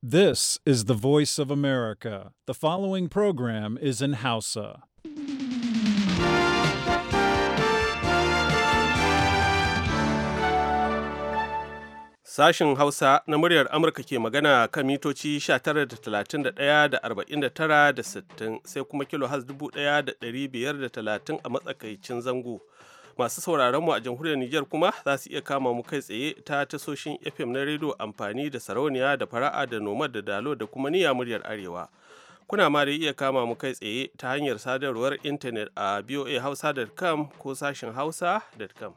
This is the voice of America. The following program is in Hausa. Sashen Hausa na muryar Amurka ke magana kan mitoci 19.31.49.60 sai kuma kilo has 1530 a matsakaicin zango. masu sauraron mu a jamhuriyar Nijar kuma za su iya kama mu kai tsaye ta tasoshin FM na rediyo amfani da sarauniya da fara'a da nomad da dalo da kuma niyya muryar arewa. Kuna ma da iya kama mu kai tsaye ta hanyar sadarwar intanet a boahausa.com ko sashin hausa.com.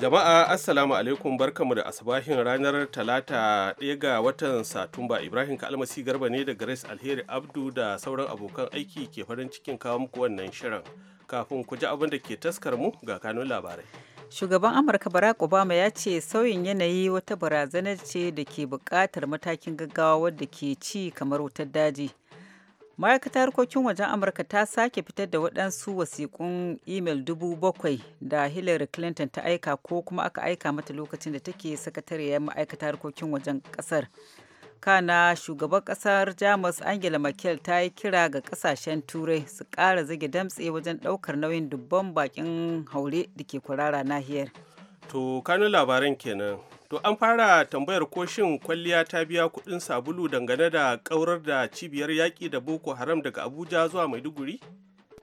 Jama'a Assalamu alaikum barkamu da asabahin ranar Talata ɗaya ga watan Satumba Ibrahim Kalmasi Garba ne da Grace Alheri Abdu da sauran abokan aiki ke farin cikin kawo muku wannan shirin. Kafin ku ji abin da ke taskar mu ga kanun labarai. Shugaban Amurka Barack Obama ya ce sauyin yanayi wata barazanar ce da ke bukatar matakin gaggawa wadda ke ci kamar wutar daji. ma'aikatar harkokin wajen amurka ta sake fitar da waɗansu wasiƙun imel dubu bakwai da hillary clinton ta aika ko kuma aka aika mata lokacin da take sakatariyar ma'aikatar harkokin wajen ƙasar kana shugaban ƙasar jamus angela merkel ta yi kira ga ƙasashen turai su ƙara zage damtse wajen ɗaukar nauyin dubban bakin haure da ke kwarara nahiyar to kanun labaran kenan To an fara tambayar ko shin kwalliya ta biya kuɗin sabulu dangane da ƙaurar da cibiyar yaƙi da Boko Haram daga Abuja zuwa Maiduguri?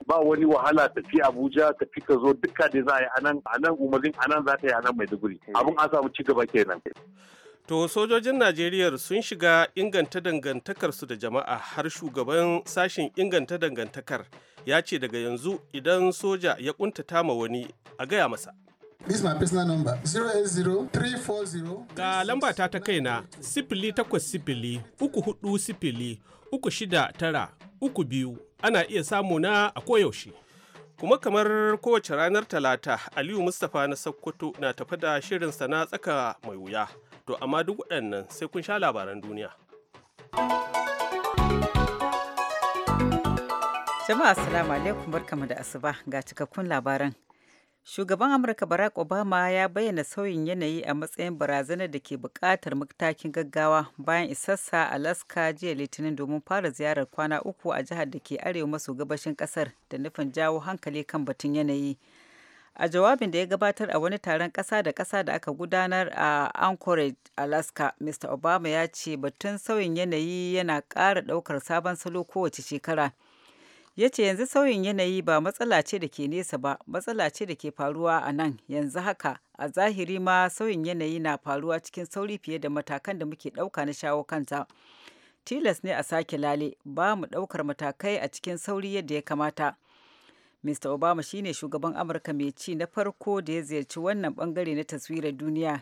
Ba wani wahala tafi Abuja fi ka zo duka da za a yi anan anan umarin anan za ta yi anan Maiduguri. Eh. Abin an samu ci gaba kenan. To sojojin Najeriya sun shiga inganta dangantakarsu da jama'a har shugaban sashen inganta dangantakar ya ce daga yanzu idan soja ya kuntata ma wani a gaya masa. This my personal number 080340. Ga lamba ta ta kaina sifili takwas sifili uku hudu sifili uku shida tara uku biyu ana iya samu na a koyaushe. Kuma kamar kowace ranar Talata, Aliyu Mustapha na Sokoto na tafi da shirin sana tsaka mai wuya. To amma duk waɗannan sai kun sha labaran duniya. Jama'a assalamu alaikum barkamu da asuba ga cikakkun labaran. Shugaban Amurka Barack Obama ya bayyana sauyin yanayi a matsayin barazanar da ke buƙatar matakin gaggawa bayan isassa Alaska jiya Litinin domin fara ziyarar kwana uku a jihar da ke arewa maso gabashin ƙasar da nufin jawo hankali kan batun yanayi. A jawabin da ya gabatar a wani taron ƙasa da ƙasa da aka gudanar a Anchorage, Alaska, Mr. Obama ya ce batun sauyin yanayi yana ƙara ɗaukar sabon salo kowace shekara. ya ce yanzu sauyin yanayi ba matsala ce da ke nesa ba matsala ce da ke faruwa a nan yanzu haka a zahiri ma sauyin yanayi na faruwa cikin sauri fiye da matakan da muke ɗauka na shawo kanta tilas ne a sake lale ba mu ɗaukar matakai a cikin sauri yadda ya kamata mr obama shine shugaban amurka mai ci na farko da ya ziyarci wannan bangare na taswirar duniya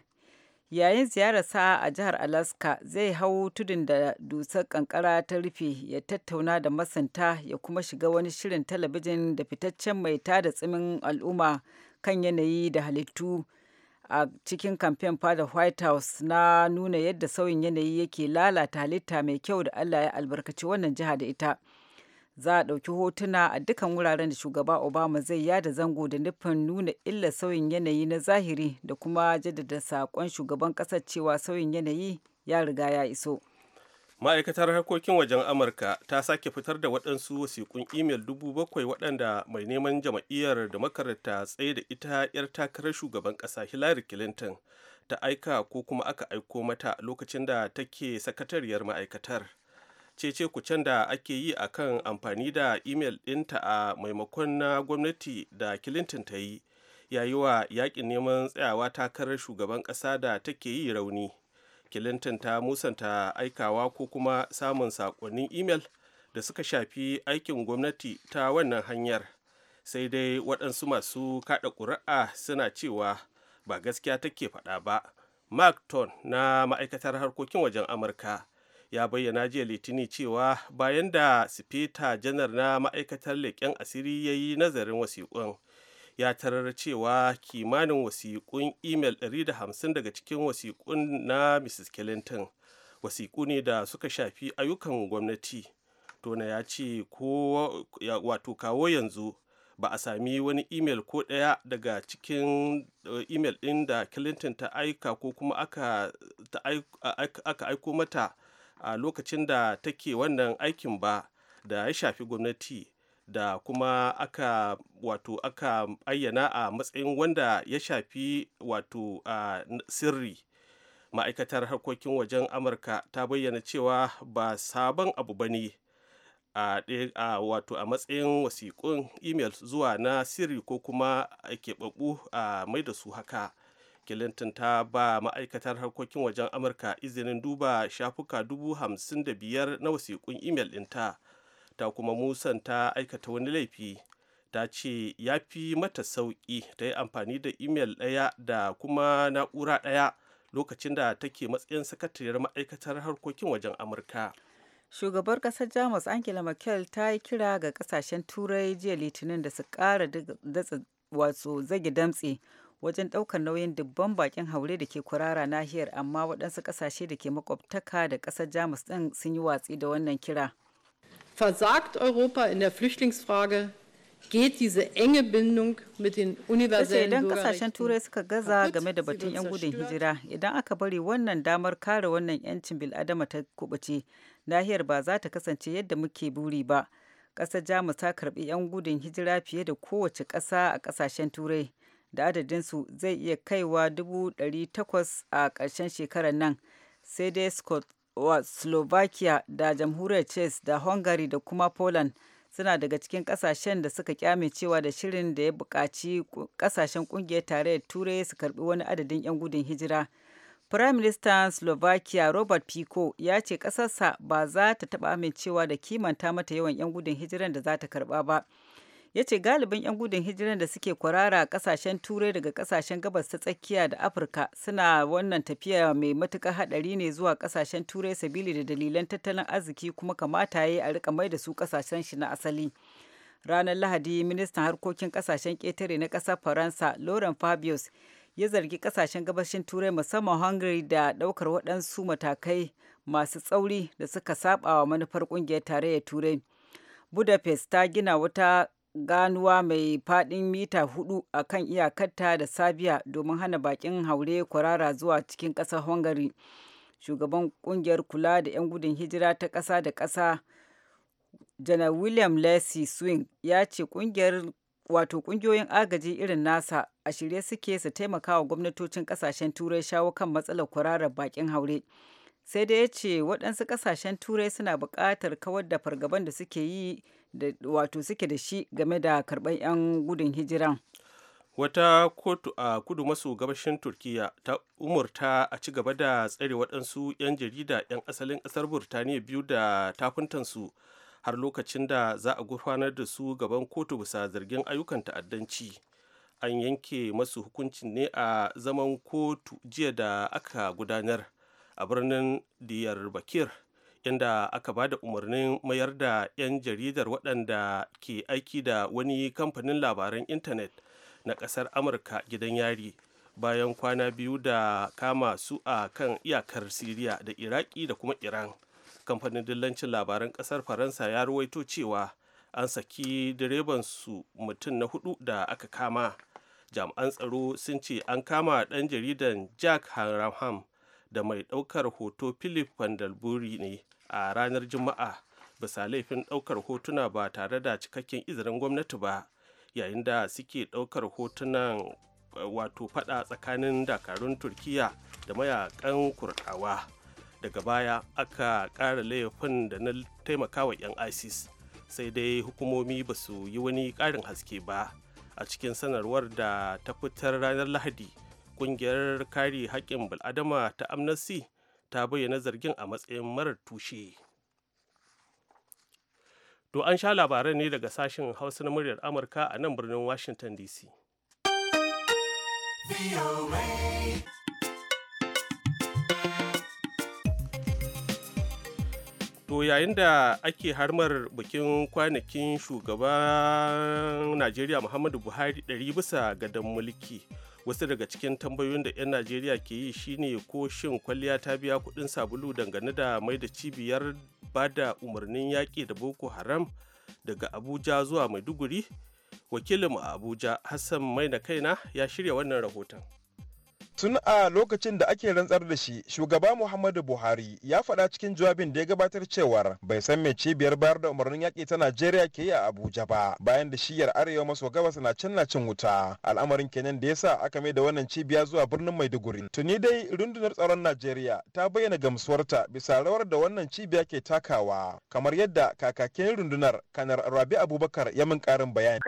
yayin ziyararsa a jihar alaska zai hau tudun da dusar kankara ta rufe ya tattauna da masanta ya kuma shiga wani shirin talabijin da fitaccen mai tada tsimin al'umma kan yanayi da halittu a cikin kamfen fada white house na nuna yadda sauyin yanayi yake lalata halitta mai kyau da allah ya albarkaci wannan jiha da ita za a ɗauki hotuna a dukkan wuraren da shugaba obama zai yada zango da nufin nuna illa sauyin yanayi na zahiri da kuma jaddada saƙon shugaban ƙasar cewa sauyin yanayi ya riga ya iso ma'aikatar harkokin wajen amurka ta sake fitar da waɗansu wasiƙun imel dubu bakwai waɗanda mai neman jama'iyyar da makaranta tsaye da ita 'yar takarar shugaban ƙasa hillary clinton ta aika ko kuma aka aiko mata lokacin da take sakatariyar ma'aikatar cece kucen da ake yi a kan amfani da imel ɗinta a maimakon na gwamnati da clinton ta yi yayi wa yakin neman tsayawa takarar shugaban ƙasa da take yi rauni clinton ta musanta aikawa ko kuma samun saƙonnin imel da suka shafi aikin gwamnati ta wannan hanyar sai dai waɗansu masu kaɗa ƙuri'a suna cewa ba gaskiya take faɗa ba mark ton na ma'aikatar harkokin wajen amurka ya bayyana jiya litini cewa bayan da sifeta janar na ma'aikatar leƙen asiri ya yi nazarin wasiƙun ya tarar cewa kimanin wasiƙun imel 150 daga cikin wasiƙun na mrs clinton wasiƙu ne da suka shafi ayyukan gwamnati tona ya ce wato kawo yanzu ba a sami wani imel ko ɗaya daga cikin eh, imel ɗin da clinton ta aika ko kuma aka aiko mata a lokacin da take wannan aikin ba da ya shafi gwamnati da kuma aka wato aka ayyana a matsayin wanda ya shafi wato sirri ma'aikatar harkokin wajen amurka ta bayyana cewa ba sabon abu ba ne a wato a matsayin wasiƙun imel zuwa na sirri ko kuma a keɓaɓu a mai da su haka clinton ta ba ma'aikatar harkokin wajen amurka izinin duba shafuka dubu hamsin da biyar na wasiƙun imel ɗinta ta kuma musan ta aikata wani laifi ta ce ya fi mata sauƙi ta yi amfani da imel ɗaya da kuma na'ura ɗaya lokacin da take matsayin sakatariyar ma'aikatar harkokin wajen amurka shugabar kasar jamus angela merkel ta yi kira ga kasashen turai jiya litinin da su ƙara datsa wato zage damtse wajen ɗaukar nauyin dubban bakin haure da ke kurara nahiyar amma waɗansu ƙasashe da ke makwabtaka da ƙasar jamus ɗin sun yi watsi da wannan kira. Versagt Europa in der Flüchtlingsfrage geht diese enge Bindung mit den universellen kasashen turai suka gaza game da batun 'yan gudun hijira idan aka bari wannan damar kare wannan 'yancin bil'adama ta kubuce nahiyar ba za ta kasance yadda muke buri ba ƙasar jamus ta karbi 'yan gudun hijira fiye da kowace ƙasa a ƙasashen turai da adadinsu zai iya kaiwa 800 a ƙarshen shekarar nan sai dai slovakia da jamhuriyar czech da hungary da kuma poland suna daga cikin ƙasashen da suka kyame cewa da shirin da ya buƙaci ƙasashen ƙungiyar tarayyar turai su karɓi wani adadin 'yan gudun hijira prime minister slovakia robert pico ya ce ƙasarsa ba za ta taɓa amincewa da kimanta mata yawan 'yan gudun hijiran da za ta karɓa ba ya ce galibin 'yan gudun hijirar da suke kwarara a kasashen turai daga kasashen gabas ta tsakiya da afirka suna wannan tafiya mai matuƙar haɗari ne zuwa kasashen turai sabili da dalilan tattalin arziki kuma kamata ya yi a rika mai da su kasashen shi na asali ranar lahadi ministan harkokin kasashen ƙetare na ƙasar faransa lauren fabius ya zargi kasashen gabashin turai musamman hungary da ɗaukar waɗansu matakai masu tsauri da suka saba wa manufar ƙungiyar tarayyar turai budapest ta gina wata ganuwa mai fadin mita hudu a kan iyakarta da Sabiya domin hana bakin haure kwarara zuwa cikin ƙasar Hungary. Shugaban kungiyar kula da 'yan gudun hijira ta kasa da kasa Janar William lacy Swing ya ce kungiyar wato kungiyoyin agaji irin nasa a shirye suke su taimaka wa gwamnatocin kasashen turai shawo kan matsalar kwararar bakin haure. sai dai ya ce waɗansu ƙasashen turai suna buƙatar kawar da fargaban da suke yi da wato suke da shi game da karɓar 'yan gudun hijiran wata kotu a kudu maso gabashin turkiya ta umurta a ci gaba da tsare waɗansu 'yan jarida 'yan asalin ƙasar burtaniya biyu da takuntansu har lokacin da za a gurfanar da su gaban kotu bisa zargin ayyukan ta'addanci an yanke masu hukuncin ne a zaman kotu jiya da aka gudanar a birnin diyar bakir. inda aka ba da umarnin mayar da 'yan jaridar waɗanda ke aiki da wani kamfanin labaran intanet na ƙasar amurka gidan yari bayan kwana biyu da kama su a kan iyakar siriya da iraki da kuma iran kamfanin dillancin labaran ƙasar faransa ya ruwaito cewa an saki direban su mutum na hudu da aka kama jami'an tsaro sun ce an kama ɗan jaridan jack hanraham da mai ɗaukar hoto philip vandelburi ne a ranar juma'a bisa laifin ɗaukar hotuna ba tare da cikakken izinin gwamnati ba yayin da suke ɗaukar hotunan wato fada tsakanin dakarun turkiya da mayakan kurdawa daga baya aka ƙara laifin da na taimakawa 'yan isis sai dai hukumomi ba su yi wani ƙarin haske ba a cikin sanarwar da ta fitar ranar lahadi ƙungiyar kare haƙƙin bil'adama ta amnesty ta bayyana zargin a matsayin marar tushe to an sha labarai ne daga sashen hausa na muryar amurka a nan birnin washington dc To yayin da ake harmar bikin kwanakin shugaban Najeriya Muhammadu Buhari ɗari bisa gadon mulki. Wasu daga cikin tambayoyin da 'yan Najeriya ke yi shine ko shin kwalliya ta biya kuɗin sabulu dangane da mai da cibiyar ba da umarnin yaƙi da Boko Haram daga Abuja zuwa Maiduguri? Wakilinmu a Abuja Hassan mai na Kaina ya shirya wannan rahoton. tun a lokacin da ake rantsar da shi shugaba muhammadu buhari ya faɗa cikin jawabin da ya gabatar cewar bai san mai cibiyar bayar da umarnin yaƙi ta najeriya ke yi a abuja ba bayan da shiyar arewa maso gabas na can na cin wuta al'amarin kenan da ya sa aka mai da wannan cibiya zuwa birnin maiduguri tuni dai rundunar tsaron najeriya ta bayyana gamsuwarta bisa rawar da wannan cibiya ke takawa kamar yadda kakakin rundunar kanar rabi abubakar ya min ƙarin bayani.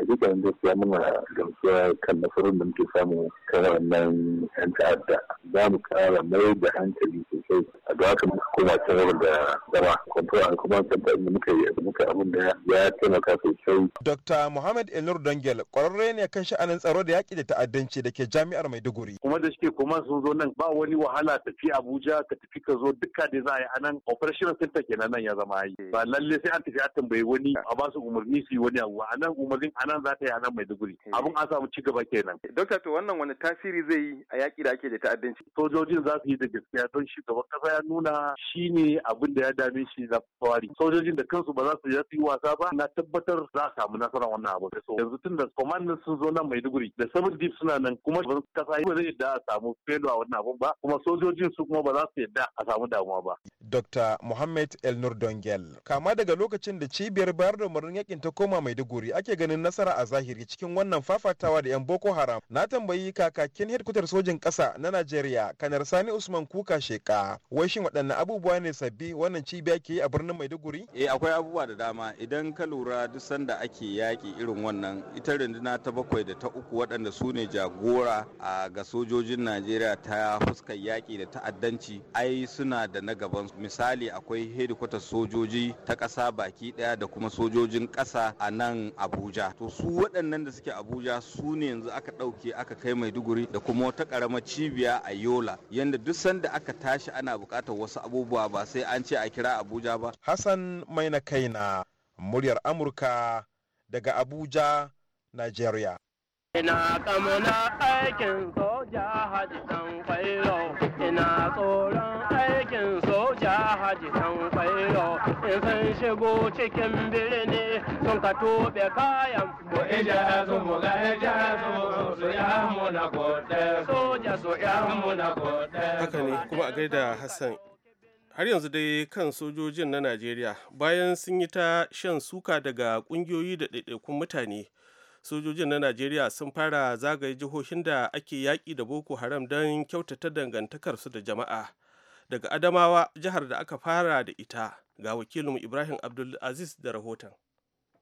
ta'adda za mu kara mai da hankali sosai a da haka muka koma ta rawar da zama kwamfuta a kuma santa inda muka yi muka abin da ya taimaka sosai. Dr. Muhammad Elnur Dangel kwararre ne kan sha'anin tsaro da yaƙi da ta'addanci da ke jami'ar Maiduguri. Kuma da shike kuma sun zo nan ba wani wahala tafi Abuja ka tafi ka zo dukka da za a yi a nan operation center kenan nan ya zama yi. Ba lalle sai an tafi a tambayi wani a ba su umarni su yi wani abu a nan umarnin a nan za ta yi a nan Maiduguri. Eh. Abin an samu ci gaba kenan. Dokta to wannan wani tasiri zai yi a yaƙi da ake da ta'addanci sojojin za su yi da gaskiya don shi shugaban kasa ya nuna shi ne abin da ya dame shi na fawari sojojin da kansu ba za su yi wasa ba na tabbatar za a samu nasara wannan abu so yanzu tun da commandant sun zo nan maiduguri da seven deep suna nan kuma shugaban kasa ba zai yadda a samu felo a wannan abu ba kuma sojojin su kuma ba za su yadda a samu damuwa ba. Dr. Mohammed El Nur Dongel kama daga lokacin da cibiyar bayar da umarnin yakin ta koma maiduguri ake ganin nasara a zahiri cikin wannan fafatawa da 'yan Boko Haram na tambayi kakakin hedkwatar sojin ƙasa ƙasa na Najeriya kanar Sani Usman Kuka Sheka wai shin waɗanne abubuwa ne sabbi wannan cibiya ke yi a birnin Maiduguri? Eh akwai abubuwa da dama idan ka lura duk sanda ake yaƙi irin wannan ita runduna ta bakwai da ta uku waɗanda su ne jagora a ga sojojin Najeriya ta fuskar yaƙi da ta'addanci ai suna da na gaban misali akwai hedikwatar sojoji ta ƙasa baki ɗaya da kuma sojojin ƙasa a nan Abuja to su waɗannan da suke Abuja su ne yanzu aka ɗauke aka kai Maiduguri da kuma wata ƙaramar cibiya a yola yadda duk sanda aka tashi ana bukatar wasu abubuwa ba sai an ce a kira abuja ba hassan mai na kai na muryar amurka daga abuja nigeria Ina kamuna aikin soja hajji ɗan ina tsoron in shigo cikin birni sun ka tobe kayan mu ija su mu ga ija su su su na kote haka ne kuma a gaida hassan har yanzu dai kan sojojin na najeriya bayan sun yi ta shan suka daga ƙungiyoyi da ɗaiɗaikun mutane sojojin na najeriya sun fara zagaye jihohin da ake yaƙi da boko haram don kyautata dangantakarsu da jama'a daga adamawa jihar da aka fara da ita Ga wakilinmu Ibrahim Abdulaziz da rahoton.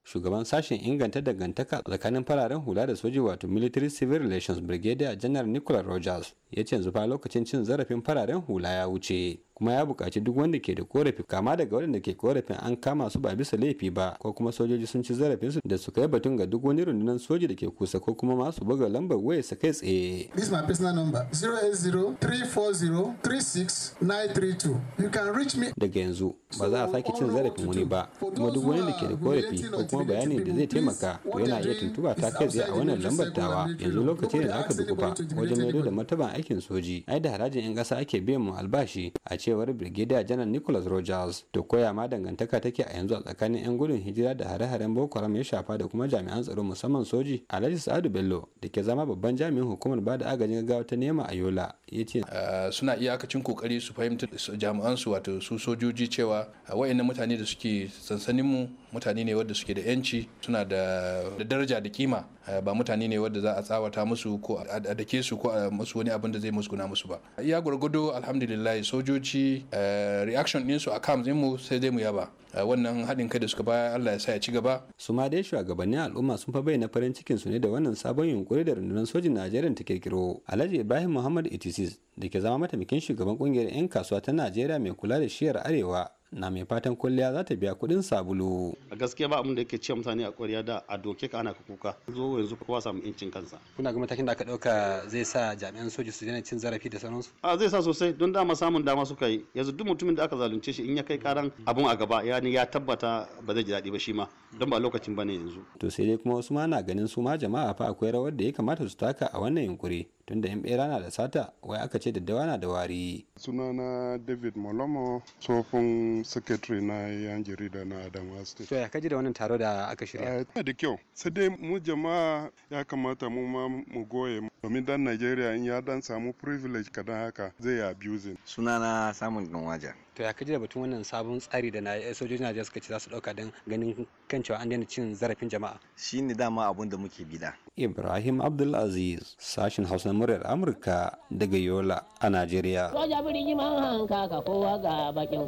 shugaban sashen inganta dangantaka tsakanin fararen hula da soji wato military civil relations brigadier janar nicholas rogers ya ce zufa lokacin cin zarafin fararen hula ya wuce kuma ya buƙaci duk wanda ke da korafi kama daga waɗanda ke korafin an kama su ba bisa laifi ba ko kuma sojoji sun ci zarafinsu da su kai batun ga duk wani rundunar soji da ke kusa ko kuma masu buga lambar waya su kai tsaye. This is my personal number 08034036932. You can reach me. Daga yanzu ba za a sake cin zarafin wani ba kuma duk wani da ke da korafi ko kuma bayani da zai taimaka to yana iya tuntuba ta kai tsaye a wannan lambar tawa yanzu lokaci ne da aka dukufa wajen maido da mataban aikin soji ai da harajin 'yan ƙasa ake biyan mu albashi a cewar brigadier janar nicholas rogers da koya ma dangantaka take a yanzu a tsakanin 'yan gudun hijira da hare-haren boko haram ya shafa da kuma jami'an tsaro musamman soji alhaji sa'adu bello da ke zama babban jami'in hukumar ba da agajin gaggawa ta nema a yola ya ce ah, suna iyakacin kokari su fahimta jami'an su wato su sojoji cewa ah, wa'annan mutane da suke sansaninmu mutane ne wadda suke da yanci suna da daraja da kima eh, ba mutane ne wadda za a tsawata musu ko a dake su ko a musu wani abin da zai musu guna musu ba ya gwargwado alhamdulillah sojoji eh, reaction din su a kam mu sai zai mu yaba eh, wannan haɗin kai da suka baya Allah ya sa ya ci gaba su ma dai shugabannin al'umma sun fa bayyana farin cikin su ne da wannan sabon yunkuri da rundunar sojin Najeriya ta kirkiro Alhaji Ibrahim Muhammad itisis da ke zama mataimakin shugaban kungiyar 'yan kasuwa ta Najeriya mai kula da shiyar Arewa na mai fatan kwalliya za ta biya kuɗin sabulu. A gaskiya ba abin da yake ce mutane a kwariya da a doke ka ana ka kuka. Zo yanzu kowa samu incin kansa. Kuna ga matakin da aka ɗauka zai sa jami'an soji su daina cin zarafi da sauransu? A zai sa sosai don dama samun dama suka yi. Yanzu duk mutumin da aka zalunce shi in ya kai karan abun a gaba ya ya tabbata ba zai ji daɗi ba shi ma don ba lokacin ba ne yanzu. To sai dai kuma wasu ma na ganin su ma jama'a fa akwai rawar da ya kamata su taka a wannan yunkuri. tunda in bera na da sata wai aka ce daddawa na da wari sunana david molomo tsofin secretary na yan jarida na adamawa state to ya kaji da wannan taro da aka shirya eh, da kyau sai dai mu jama'a ya kamata mu ma mu goye domin dan najeriya in ya dan samu privilege kadan haka zai abusing sunana samun dan waja to ya kaji da batun wannan sabon tsari da na sojojin najeriya suka ce za su dauka don ganin kan cewa an daina cin zarafin jama'a shine dama abun da muke bida ibrahim abdulaziz sashin hausa muryar amurka daga yola a najeriya soja ga bakin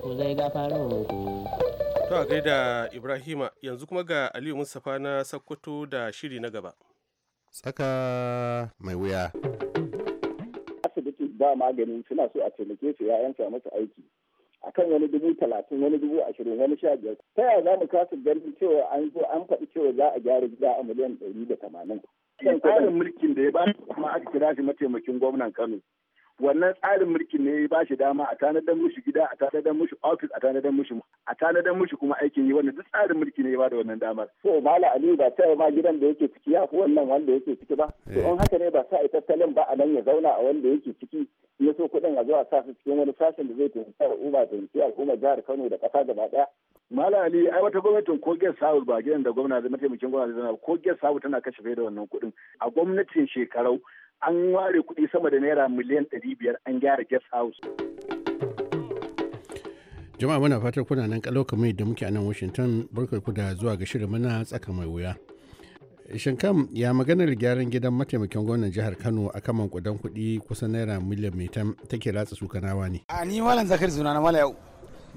to a gaida ibrahima yanzu kuma ga aliyu mustapha na sakkwato da shiri na gaba tsaka mai wuya asibiti ba maganin suna so a taimake su ya yanka masa aiki akan wani dubu talatin wani dubu ashirin wani sha biyar ta yaya za mu kasa ganin cewa an zo an faɗi cewa za a gyara gida a miliyan ɗari da tamanin. tsarin mulkin da ya ba kuma aka kira shi mataimakin gwamnan kano wannan tsarin mulkin ne ya ba shi dama a tanadar mushi gida a tanadar mushi ofis a tanadar mushi a tanadar mushi kuma aikin yi wannan duk tsarin mulki ne ya ba da wannan damar. so mala Ali ba ta ma gidan da yake ciki ya fi wannan wanda yake ciki ba to in eh. haka ne ba sa tattalin ba a nan ya zauna a wanda yake ciki ya so kuɗin a zuwa sa cikin wani sashen da zai taimaki al'umma taimaki al'umma jihar Kano da ƙasa gaba ɗaya. Malam Ali ai wata gwamnatin ko Gate Sabu ba gidan da gwamna da mataimakin gwamna zai ko Gate Sabu tana kashe fiye da wannan kuɗin a gwamnatin shekarau an ware kuɗi sama da naira miliyan ɗari biyar an gyara Gate House. Jama'a muna fatar kuna nan kalau da muke a nan Washington barkar ku da zuwa ga shirin muna tsaka mai wuya. Shinkam ya maganar gyaran gidan mataimakin gwamnan jihar Kano a kaman kudan kudi kusan naira miliyan metan take ratsa su kanawa ne. A ni malam zakar zuna na mala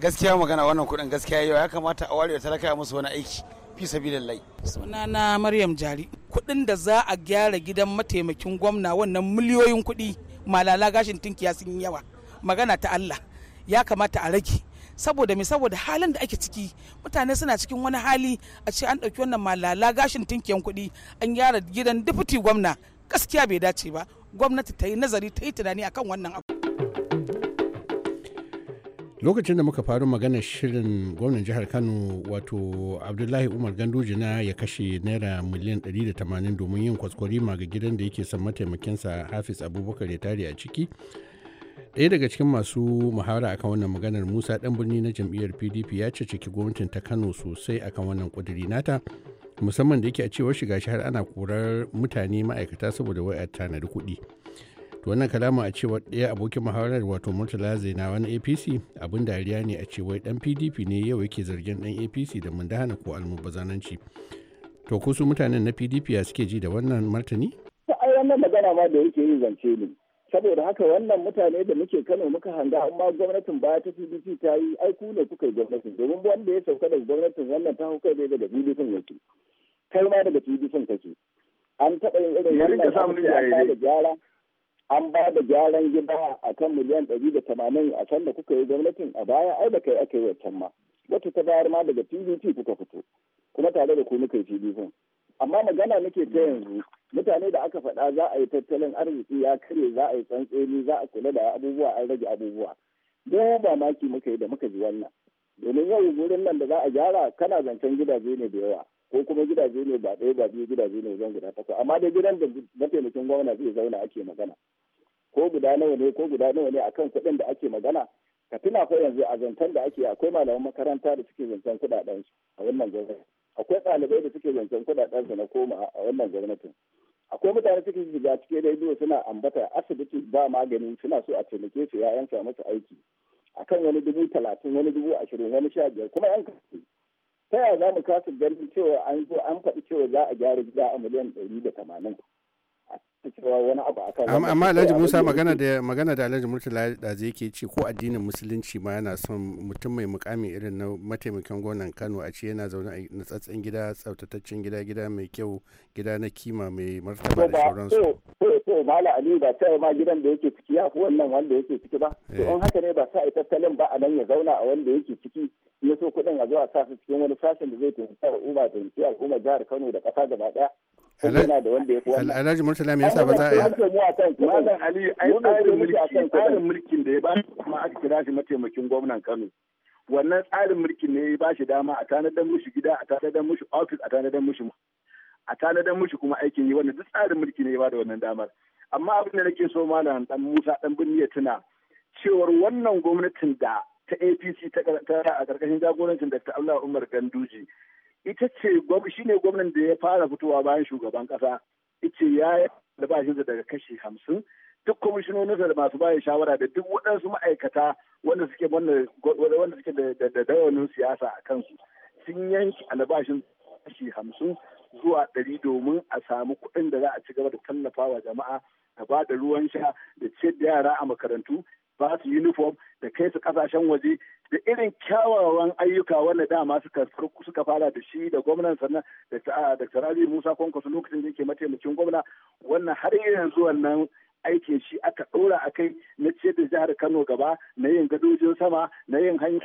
Gaskiya magana wannan kudin gaskiya yau ya kamata a ware talaka musu wani aiki. Fi sabilillahi. Sunana Maryam Jari. kudin da za a gyara gidan mataimakin gwamna wannan miliyoyin kuɗi malala gashin tunkiya sun yawa. Magana ta Allah. Ya kamata a rage. saboda me saboda halin da ake ciki mutane suna cikin wani hali a ce an ɗauki wannan malala gashin tinkiyan kuɗi an gyara gidan dufiti gwamna gaskiya bai dace ba gwamnati ta yi nazari ta yi tunani akan wannan abu lokacin da muka faru magana shirin gwamnan jihar kano wato abdullahi umar ganduje na ya kashe naira miliyan 180 domin yin kwaskwarima ga gidan da yake son mataimakinsa hafiz abubakar ya tare a ciki ɗaya daga cikin masu muhawara akan wannan maganar musa ɗan birni na jam'iyyar pdp ya ciki gwamnatin ta kano sosai akan wannan ƙuduri nata musamman da yake a cewar shiga shi har ana korar mutane ma'aikata saboda wai a tanadi kuɗi to wannan kalama a cewar ɗaya abokin muhawarar wato murtala zainawa na apc abin dariya ne a cewar ɗan pdp ne yau yake zargin ɗan apc da mundahana ko almubazananci to ko su mutanen na pdp ya suke ji da wannan martani ta ai wannan magana ma da yake yi zance ne saboda haka wannan mutane da muke kano muka hanga amma gwamnatin baya ta pdp ta yi aiku ne kuka yi gwamnatin domin wanda ya sauka da gwamnatin wannan ta hukar ne daga sun yake kai ma daga sun kake an taɓa yin irin wannan da gyara an ba da gyaran gida a kan miliyan ɗari da tamanin a can da kuka yi gwamnatin a baya ai da kai aka yi wancan ma wata ta bayar ma daga pdp kuka fito kuma tare da ku muka yi pdp amma magana nake ta yanzu mutane da aka faɗa za a yi tattalin arziki ya kare za a yi tsantseni za a kula da abubuwa an rage abubuwa don ba maki muka yi da muka ji wannan domin yau wurin nan da za a gyara kana zancen gidaje ne da yawa ko kuma gidaje ne ba ɗaya ba biyu gidaje ne wajen guda takwas amma dai gidan da mataimakin gwamna zai zauna ake magana ko guda nawa ne ko guda nawa ne akan kuɗin da ake magana ka tuna ko yanzu a zancen da ake akwai malaman makaranta da suke zancen kuɗaɗen su a wannan gwamnati akwai ɗalibai da suke zancen kuɗaɗen su na koma a wannan gwamnatin akwai mutane suke shiga cikin rediyo suna ambata asibiti ba magani suna so a taimake su ya'yan sa masu aiki akan wani dubu talatin wani dubu ashirin wani sha biyar kuma yan kasu ta yaya za mu kasa ganin cewa an zo an faɗi cewa za a gyara gida a miliyan ɗari da tamanin amma Alhaji Musa magana da magana da Alhaji Murtala da zai yake ce ko addinin musulunci ma yana son mutum mai mukami irin na mataimakin gwamnan Kano a ce yana zaune a natsatsen gida tsaftataccen gida gida mai kyau gida na kima mai martaba da sauransu to to mala ali ba sai ma gidan da yake ciki ya fi wannan wanda yake ciki ba to eh. in haka ne ba sai tattalin ba a nan ya zauna a wanda yake ciki ya so kuɗin a zuwa sa su cikin wani sashen da zai taimaki al'umma taimaki al'umma jihar Kano da ƙasa gaba ɗaya Alhaji Murtala me yasa ba za a yi? Malam Ali ai tsarin mulkin tsarin mulkin da ya ba kuma aka kira shi mataimakin gwamnan Kano. Wannan tsarin mulkin ne ya ba shi dama a tanadar mushi gida a tanadar mushi office a tanadar mushi a tanadar mushi kuma aikin yi wannan duk tsarin mulki ne ya ba da wannan damar. Amma abin da nake so malam dan Musa dan Binni ya tuna cewar wannan gwamnatin da ta APC ta a karkashin jagorancin Dr. Allah Umar Ganduji ita ce shi ne gwamnan da ya fara fitowa bayan shugaban kasa ice ya yi albashinsa daga kashi hamsin duk kwamishinoninsa da masu bayan shawara da duk waɗansu ma'aikata wanda suke da dawanin siyasa a kansu sun yanki albashin kashi hamsin zuwa ɗari domin a samu kuɗin da za a ci gaba da tallafa wa jama'a a ba da ruwan sha da ciyar da yara a makarantu ba su uniform da kai su kasashen waje da irin kyawawan ayyuka wanda dama suka suka fara da shi da gwamnan sannan da Dr. Ali Musa Kwankwaso lokacin da yake mataimakin gwamna wannan har yanzu wannan aikin shi aka dora a kai na ciyar da jihar Kano gaba na yin gadojin sama na yin hanya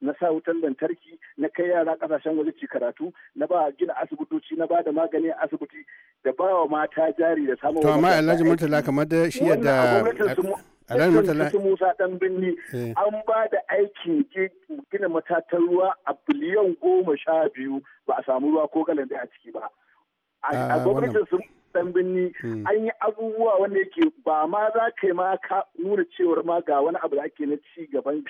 na sa wutar lantarki na kai yara kasashen waje ci karatu na ba gina asibitoci na ba da magani a asibiti da ba wa mata jari da samun to amma alhaji murtala kamar da shi yadda gwamnatin Musa dan binni eh. an ba da aikin gina matatan ruwa a biliyan goma sha biyu ba a samu ruwa ko galan a ciki ba. A ah, gwamnatin su dan binni an yi abubuwa wanda yake ba ma za ka ma ka nuna cewar ma ga wani abu da ake na ci gaban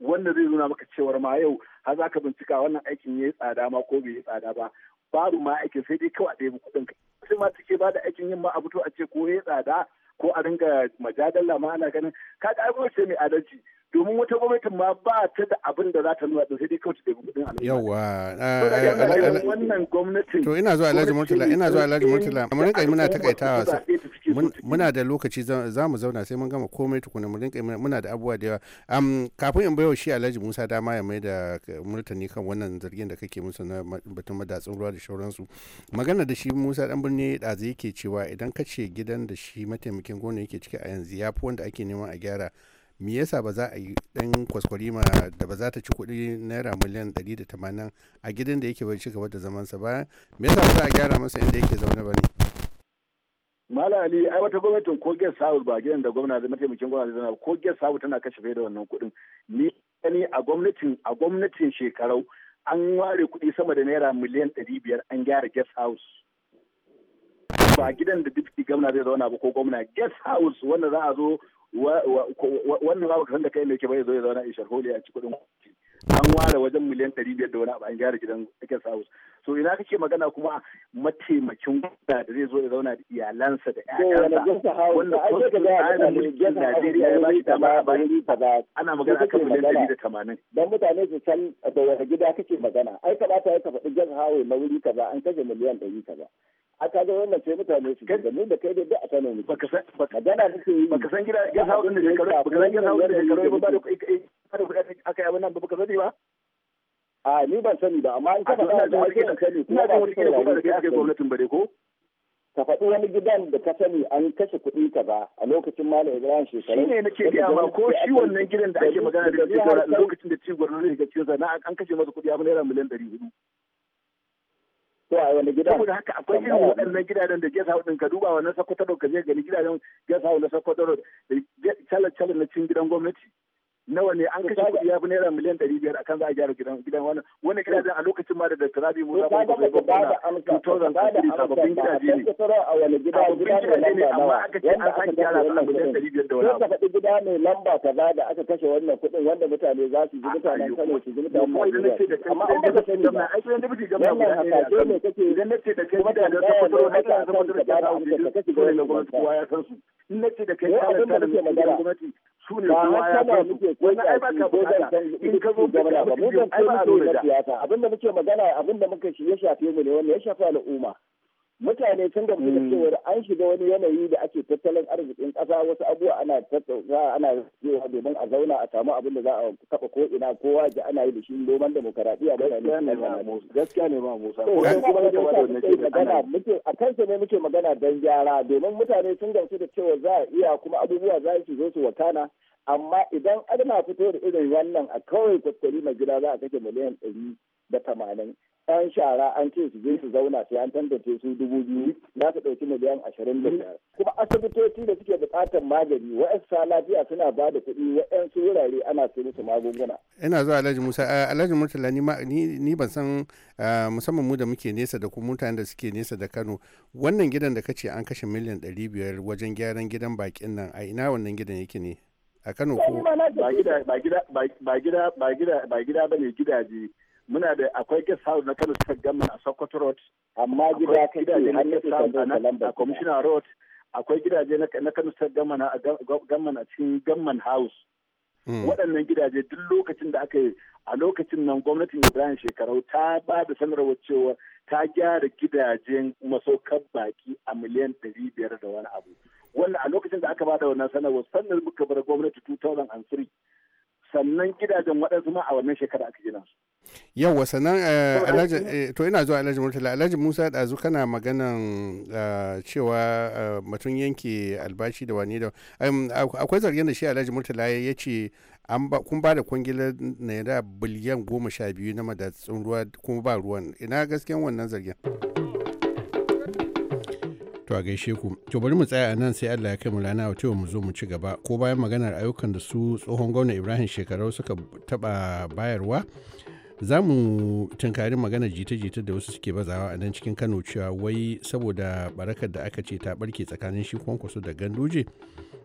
wanda zai nuna maka cewar ma yau har za ka bincika wannan aikin ya yi tsada ma ko bai yi tsada ba babu ma aikin sai dai kawai a ɗaya kuɗin ka. Sai ma take ba da aikin yin ma a fito a ce ko ya yi tsada ko a rinka majadala ma ana ganin kaga ai ce mai adalci domin wata gwamnati ma ba ta da abin da za ta nuna sai dai kawai eh, da kudin al'umma yawa wannan gwamnatin to ina zuwa Alhaji Murtala ina zuwa Alhaji Murtala mun rinka muna takaitawa muna da lokaci za mu zauna sai mun gama komai tukuna mun rinka muna da abubuwa da yawa um, kafin in bayo shi Alhaji Musa dama ya mai da murtani kan wannan zargin da kake musu na batun madatsun ruwa da shauransu magana da shi Musa dan birni zai yake cewa idan ka ce gidan da shi mataimakin gona yake ciki a yanzu ya fi wanda ake neman a gyara me yasa ba za a yi dan kwaskwarima da ba za ta ci kuɗi naira miliyan 180 a gidan da yake bai ci gaba da zamansa ba me yasa ba za a gyara masa inda yake zaune ba ne Mala Ali ai wata gwamnatin ko Gate South ba gidan da gwamna da mataimakin gwamna zai ko Gate South tana kashe fiye da wannan kuɗin ni ne a gwamnatin a gwamnatin shekarau an ware kuɗi sama da naira miliyan ɗari biyar an gyara guest house ba gidan da dukki gwamna zai zauna ba ko gwamna guest house wanda za a zo wannan babu kasan da kai ne ke bai zo ya zauna a sharholi a cikin kudin an ware wajen miliyan ɗari biyar da wani abu an gyara gidan ake house so ina kake magana kuma mataimakin gwamna da zai zo ya zauna da iyalansa da ƴaƴansa wanda tsarin mulkin Najeriya ya bashi dama a bayan ana magana akan miliyan ɗari da tamanin. Dan mutane su san da wani gida kake magana ai kamata ya ka faɗi jan hawo na wuri kaza an kashe miliyan ɗari kaza. a kaga wannan sai mutane su ga ni da kai da a sanin mu baka san baka gana nake yi baka san gida ya hawo din da shekaru baka san gida hawo da shekaru ba ba da kuɗi aka yi abin nan ba baka sani ba a ni ban sani ba amma in ka faɗa da wani da sani kuma da wani da kuma da ake gwamnatin bare ko ka faɗi wani gidan da ka sani an kashe kuɗi ka ba a lokacin malam ibrahim shekaru shine nake ga ma ko shi wannan gidan da ake magana da shi lokacin da cigwar ne ga sa na an kashe masa kuɗi a naira miliyan ɗari 400 ko a wani gida saboda haka akwai irin waɗannan gidajen da guest house din ka duba wannan Sokoto Road ka je gani gidajen guest house na Sokoto Road da challenge na cikin gidan gwamnati nawa ne an kashe kuɗi ya fi naira miliyan ɗari biyar akan za a gyara gidan gidan wannan wani gidajen a lokacin ma da da tarabi musa ba da bai gwamna 2003 sababbin gidaje ne sababbin gidaje ne amma aka ce an gyara a miliyan ɗari biyar da wani abu. faɗi gida mai lamba aka kashe wannan kuɗin wanda mutane za su ji mutanen su ji amma an ne idan na ce da kai da ta da da kowa ya san su. in na ce da kai da muke magana gwamnati su ne kuma ya ba muke wani ai in da muke na siyasa abinda muka shi ya shafe mu ne wannan ya shafi al'umma mutane sun da da hmm. an shiga wani yanayi da ake tattalin arzikin kasa wasu abubuwa ana tattauna ana cewa domin a zauna a samu abin da za a kafa ko ina kowa ji ana yi da shi noman demokaradiyya ba ne gaskiya ne ba musa ko kuma a kansa ne muke magana don gyara domin mutane sun gamsu da cewa za a iya kuma abubuwa za su zo su wakana amma idan ana fito da irin wannan a kawai kwaskwari na gida za a kake miliyan ɗari da tamanin 'yan shara an ce su je su zauna sai an tantance su dubu biyu za su ɗauki miliyan ashirin da biyar kuma asibitoci da suke buƙatar magani wa'yansu lafiya suna ba da kuɗi wa'yansu wurare ana sai musu magunguna. ina zuwa alhaji musa eh, alhaji murtala ni ban san eh, musamman mu da muke nesa da kuma mutanen da suke nesa da kano wannan gidan da ka ce an kashe miliyan ɗari biyar wajen gyaran gidan bakin nan a ina wannan gidan yake ne a kano ko ba gida ba gida ba gida ba gida ba gida bane gidaje muna da akwai guest house na Kano State Government a Sokoto Road amma gida gidaje na guest house a nan Commissioner Road akwai gidaje na Kano State Government a Government a cikin Government House hmm. waɗannan gidaje duk lokacin da aka yi a lokacin nan gwamnatin Ibrahim shekarau ta ba da sanarwar cewa ta gyara gidajen masaukar baki a miliyan ɗari biyar da wani abu wannan a lokacin da aka ba da wannan sanarwar sannan muka bar gwamnati 2003 sannan gidajen waɗansu ma a wannan shekara aka gina su yau sannan eh, alhaji eh. Eh, to ina zuwa alhaji murtala alhaji musa ɗazu kana maganan cewa mutum yanke albashi da wani da akwai zargin da shi alhaji murtala ya ce kun ba da kwangilar naira biliyan goma sha biyu na madatsun ruwa kuma ba ruwan ina gasken wannan zargin to a gaishe ku to bari mu tsaya a nan sai Allah ya kai mu rana wa mu zo mu ci gaba ko bayan maganar ayyukan da su tsohon gwamna Ibrahim shekarau suka taba bayarwa za mu tunkari magana jita-jita da wasu suke bazawa a nan cikin kano cewa wai saboda barakar da aka ce ta barke tsakanin shi kwankwaso da ganduje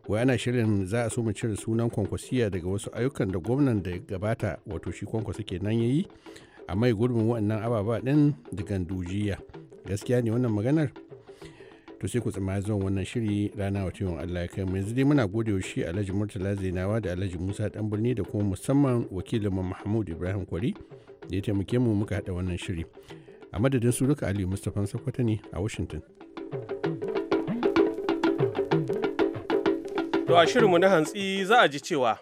wai ana shirin za a so mu cire sunan kwankwasiya daga wasu ayyukan da gwamnan da gabata wato shi kwankwaso nan ya yi a mai gurbin wannan ababa ɗin da gandujiya gaskiya ne wannan maganar to sai ku tsama zuwan wannan shiri rana wa ciwon Allah ya kai mu yanzu dai muna gode wa shi Alhaji Murtala Zainawa da Alhaji Musa Dan da kuma musamman wakilin mu Mahmud Ibrahim Kwari da ya taimake mu muka hada wannan shiri a madadin su duka Ali Mustafa Sokoto ne a Washington to a shirin mu na hantsi za a ji cewa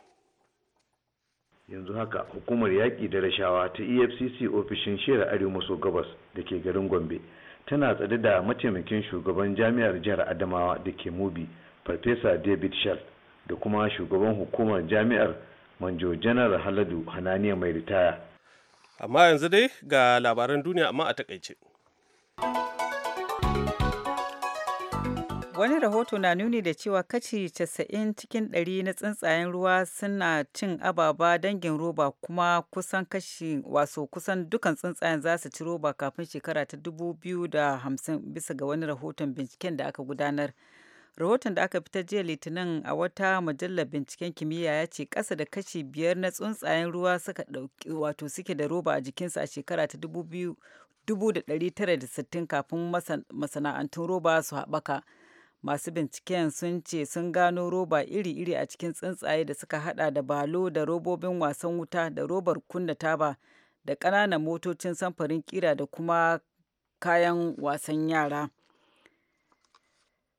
yanzu haka hukumar yaƙi da rashawa ta efcc ofishin shirin arewa maso gabas da ke garin gombe tana tsade da mataimakin shugaban jami'ar jihar adamawa da ke mubi farfesa david shell da kuma shugaban hukumar jami'ar manjo janar haladu hananiya mai ritaya amma yanzu dai ga labaran duniya amma a takaice. Wani rahoto na nuni da cewa kashi 90 cikin 100 na tsuntsayen ruwa suna cin ababa dangin roba kuma kusan kashi waso kusan dukan tsuntsayen za su ci roba kafin shekara ta 2050 bisa ga wani rahoton binciken da aka gudanar. Rahoton da aka fitar jiya Litinin a wata mujallar binciken kimiyya ya ce kasa da kashi biyar na tsuntsayen ruwa suka dauki wato suke da roba a jikinsu a shekara ta 2000 1960 kafin masana'antun roba su haɓaka. masu binciken sun ce sun gano roba iri-iri a cikin tsuntsaye da suka hada da balo da robobin wasan wuta da robar kunna taba da ƙananan motocin samfarin kira da kuma kayan wasan yara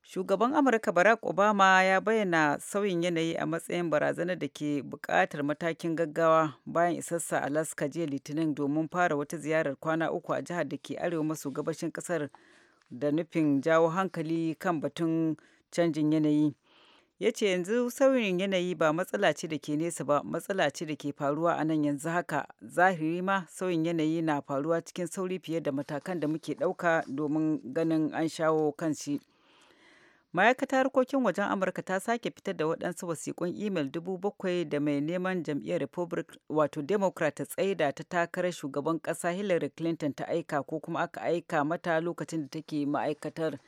shugaban amurka barack obama ya bayyana sauyin yanayi a matsayin barazanar da ke buƙatar matakin gaggawa bayan isassa alaska jiya litinin domin fara wata ziyarar kwana uku a jihar da ke arewa maso gabashin ƙasar da nufin jawo hankali kan batun canjin yanayi. Ya ce yanzu sauyin yanayi ba matsala ce da ke nesa ba, matsala ce da ke faruwa a nan yanzu haka. Zahiri ma sauyin yanayi na faruwa cikin sauri fiye da matakan da muke ɗauka domin ganin an shawo kan shi. ma'aikatar harkokin wajen amurka ta sake fitar da waɗansu wasiƙun imel dubu bakwai da mai neman jam'iyyar republic wato democrat ta tsaida ta takarar shugaban ƙasa hillary clinton ta aika ko kuma aka aika mata lokacin da take ma'aikatar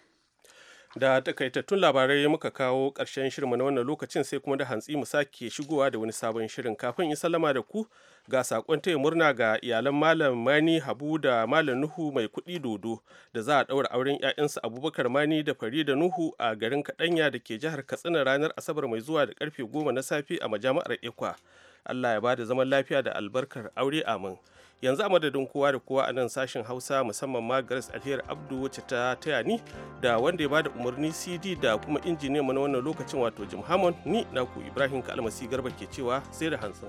da takaitattun labarai muka kawo ƙarshen shirinmu na wannan lokacin sai kuma da hantsi mu sake shigowa da wani sabon shirin kafin in sallama da ku ga sakon taya murna ga iyalan malam mani habu da malam nuhu mai kuɗi dodo da za a ɗaura auren 'ya'yansu abubakar mani da fari da nuhu a garin kaɗanya da ke jihar katsina ranar asabar mai zuwa da karfe goma na safe a majami'ar ikwa allah ya ba da zaman lafiya da albarkar aure amin yanzu a madadin kowa da kowa a nan sashen hausa musamman ma grace alheri abdu wacce ta taya ni da wanda ya bada umarni cd da kuma injiniya mana wannan lokacin wato jim hammond ni naku ibrahim kalmasi garba ke cewa sai da hantsin.